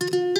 Thank you.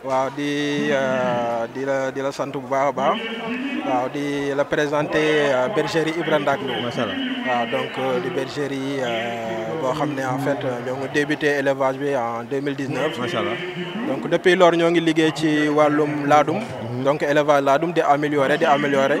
waaw di euh, di la di la sant bu baax a baax waaw di la présenter euh, bergerie Ibra Ndack Lo allah waaw donc euh, di bergerie boo xam ne en fait ñoo ngi débuté élevage bi en 2019 macha allah donc depuis lors ñoo ngi liggéey ci wàllum laadum mhm. donc élevage laadum di améliorer di améliorer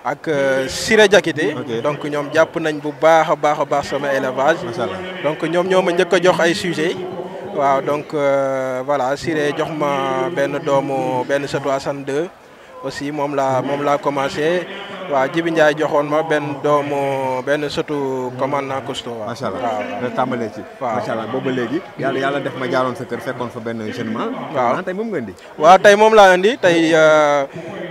ak Siré euh, Diakité donc ñom japp nañ bu baax a baax sama élevage donc ñom ñoma ma jox ay sujet waaw donc euh, voilà Siré jox ma benn doomu ben sëtu aussi mom la mom la commencé wa Jibi Ndiaye joxoon ma benn doomu benn sëtu commandant costaud wa allah waaw tàmbalee ci waaw macha allah booba léegi yàlla yàlla def ma jaaroon sa kër fekkoon fa benn jeune ma waaw tey moom nga indi waaw tey moom laa indi tay euh,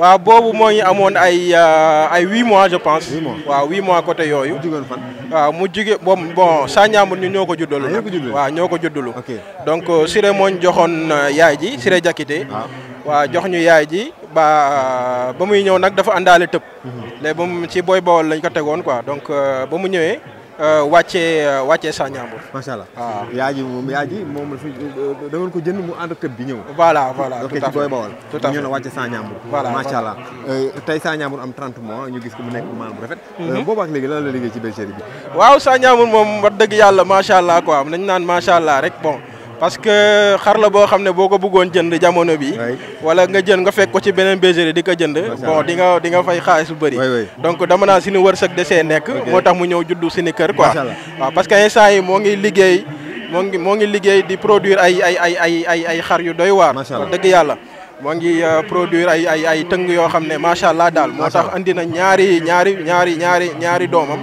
waaw boobu moo ñu amoon ay euh, ay huit mois je pense. huit waaw huit mois côté yooyu. waaw mu jugee boobu bon Sagnambour ñu ñoo ko juddalu. Ah, waaw ñoo ko juddalu. donc euh, Siré moo ñu joxoon euh, yaay ji Siré Diakité. Ah. waa jox ñu yaay ji ba ba muy ñëw nag dafa àndaale tëb. Mhm. léegi ba mu ci booy bawol lañ ko tegoon quoi donc ba mu ñëwee. wàccee euh, wàccee euh, Sagnambour. macha allah waaw ah. yaa ji moom yaa ji moom fi da ko jënd mu ànd ak bi ñëw. voilà voilà tout à fait ok ci booy bawal. tout à fait am 30 moo ñu gis ko mu nekk maanaam bu rafet. Euh, mhm. boobaak léegi lan la liggéey ci bergerie bi. waaw Sagnambour moom wax dëgg yàlla macha allah am nañ naan macha allah rek bon. parce que xarla boo xam ne boo ko bëggoon jënd jamono bi wala nga jënd nga fekk ko ci beneen bégerie di ko jënd bon di nga di nga fay xaalis bu bëri donc dama naa sinu wërsëg desee nekk moo tax mu ñëw juddu sini kër quoi waaw parce que instant yi moo ngi liggéey moo ngi moo ngi liggéey di produire ay ay ay ay ay ay xar yu doy waar dëgg yàlla moo ngi euh, produire ay ay ay tëng yoo xam ne macha allah daal moo tax andi na ñaari ñaari ñaari ñaari ñaari doomam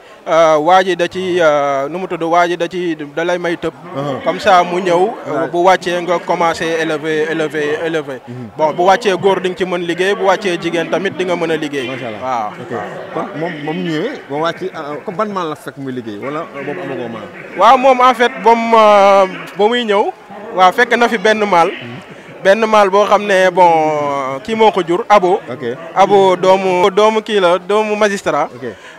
Euh, waa ji da ci euh, nu mu tudd waa ji da ci dalay lay may tëb. comme ça mu ñëw bu wàccee nga commencé élever élever élever. Mhm. bu wàccee góor di nga ci mën liggéey bu wàccee jigéen tamit di mën a liggéey. macha allah moom moom ba euh, la fekk muy liggéey wala moom moom en fait bam ba muy ñëw. waa fekk na fi benn maal. Mhm. benn maal boo xam ne bon kii moo ko jur abo. doomu doomu kii doomu magistrat.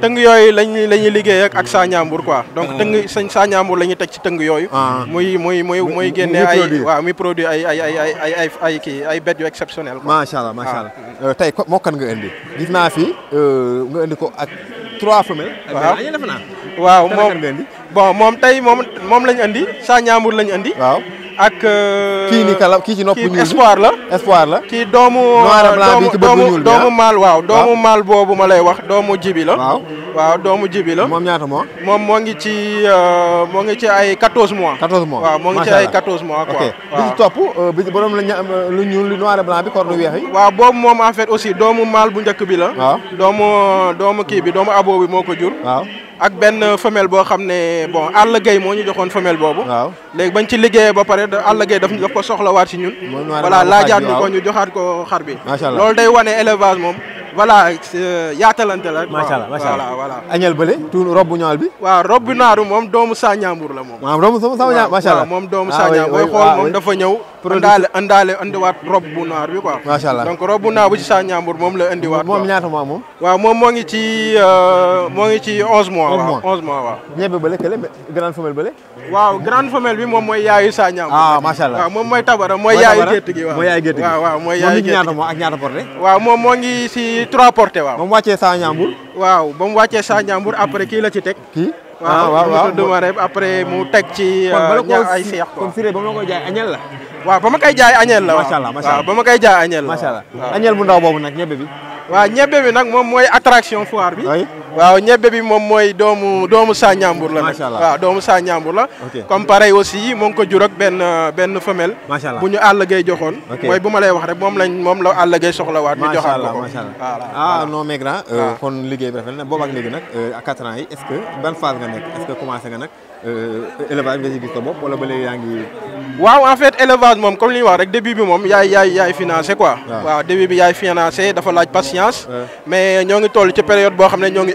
tëng yooyu lañuy liggéey ak ak saa ñaambur quoi donc sañ ah. saa ñaambur la ñuy teg ci tëng yooyu ah. muy muy muy muy génne ay waaw muy produit ay ay ay kii ay bête yu exceptionnel quoi allah ah. euh, tey ko moo kan nga indi gis naa fi euh, nga indi ko ak trois femelles waaw waaw moom bon moom tey moom moom lañ indi saa ñaambur lañ indi waaw ak euh, ki ni kala ki ci nopp ñu espoir la espoir la ki doomu noir blanc bi ci bëgg ñu doomu ah. mal waaw doomu mal bobu ma lay wax doomu jibi la waaw waaw doomu jibi la mom ñaata mo mom mo ngi ci euh, mo ngi ci ay 14 mois 14 mois waaw mo ngi ci ay 14 mois quoi bi top euh, borom la lu ñu lu noir blanc bi cornu wex yi waaw bobu mom en fait aussi doomu mal bu ñëk bi la doomu doomu ki bi doomu abo bi moko jur waaw ak ben femelle bo xamné bon Alla gay mo ñu joxone femelle bobu waaw léegi bañ ci liggéey ba pare Alla gay daf ñu ko soxla waat ci ñun. wala la laajaat ñu ko ñu joxaat ko xarbi lool day wone élevage mom voilà euh, yaatalante la rek. macha allah macha allah voilà añal bële tuur rob bu ñaal bi. waaw rob bu naaru moom doomu saa ñaambur la moom. waaw rob sama ñaar macha allah moom doomu ah, saa ñaambur booy xool ah, moom dafa ñëw. andaale andaale andiwaat rob bu naar bi quoi. macha allah donc rob bu naar bu ci saa ñaambur moom la andiwaat. moom ñaata mois moom. waaw moom moo ngi ci euh, moo ngi ci onze mois. waaw onze mois waaw. ñebe bële kële grande femelle bële. waaw grande femelle bi moom mooy yaayu saa ñaambur. ah macha allah waaw moom mooy tabara mooy yaayu gétt gi waaw. mooy yaayu gétt gi waaw waaw mooy yaayu gétt gi waaw moom moo ngi si ci trois portées waaw. ba mu wàccee waaw ba mu wàccee après kii la ci teg. kii waaw ah, waaw waaw mu après mu teg ci. Euh, ñaar ay seex quoi kon Siré ba ma koy jaay añel la. waaw ba ma koy jaay añel la. allah macha allah ba ma koy jaay añel la. macha allah añel bu ndaw boobu nag ñebe bi. waaw ñebe bi nag moom mooy attraction foire bi. waaw ñebe bi mom moy doomu doomu sa ñaambur la nag waaw doomu sa ñaambur la comme pareil aussi mon ko jurok ben ben femelle buñu ñu àll gay joxoon mooy bu lay wax rek mom lañ mom la àll gay soxlawaat ñu joxaat ko ko ah non mais grand euh, ah. kon liguey bi rafet na boobaak léegi nak euh, à 4 ans yi est ce que ben phase nga nek est ce que commencé nga nag euh, élevage nga ci gis sa bopp wala ba léegi yaa waaw en fait élevage mom comme li wax rek début bi mom yaay yaay yaay financé quoi ah. waaw début bi yaay financé dafa laaj patience ah. mais ñoo ngi toll ci période bo xamné ne ñoo ngi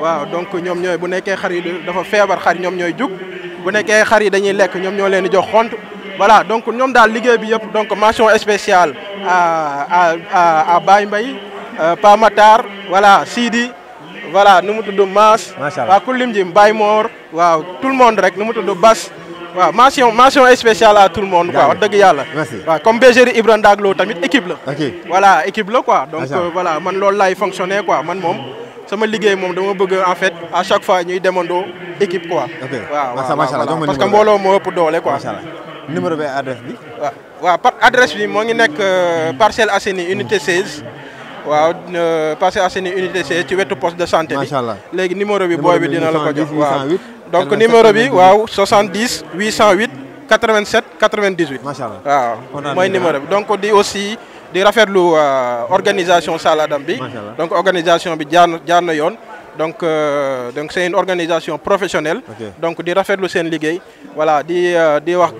waaw donc ñoom ñooy bu nekkee xar yi dafa feebar xar ñoom ñooy jug bu nekkee xar yi dañuy lekk ñoom ñoo leen jox xont voilà donc ñoom daal liggéey bi yëpp donc mention spéciale à à à Baye Mbaye euh, Pa Matar voilà Sidi voilà nu mu tudd Maas. macha allah waaw Baye Mor. waaw tout le monde rek nu mu tudd Bas. waaw mention mention spéciale à tout le monde. quoi wax dëgg yàlla. waaw comme Bergerie Ibrahima Daglo, tamit équipe la. voilà équipe la quoi. donc euh, voilà man loolu laay fonctionner quoi man moom sama liguey mom dama bëgg en fait à chaque fois ñuy demandoo équipe quoi. ok waaw macha allah parce que mbolo mo ëpp doolé quoi. macha allah numéro bi adresse bi. waaw wa par adresse bi mo ngi nek parcelle euh, Assainies unité 16. waaw Parcelles Assainies unité 16 euh, ci wetu poste de santé bi. macha allah léegi numéro bi boy bi dina la ko jox waaw donc numéro bi waaw 70 808 87 98. macha allah waaw moy numéro ah. donc di aussi di rafetlu euh, organisation Saladam bi donc organisation bi jaar jaar na donc euh, donc c'est une organisation professionnelle donc di rafetlu sen liguey voilà di euh, di wax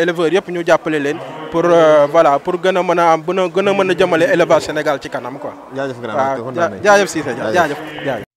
éleveur yep ñu jappalé len pour voilà pour gëna mëna am gën a gën élevage Sénégal ci kanam quoi jaajëf grand jaajëf Cissé jaajëf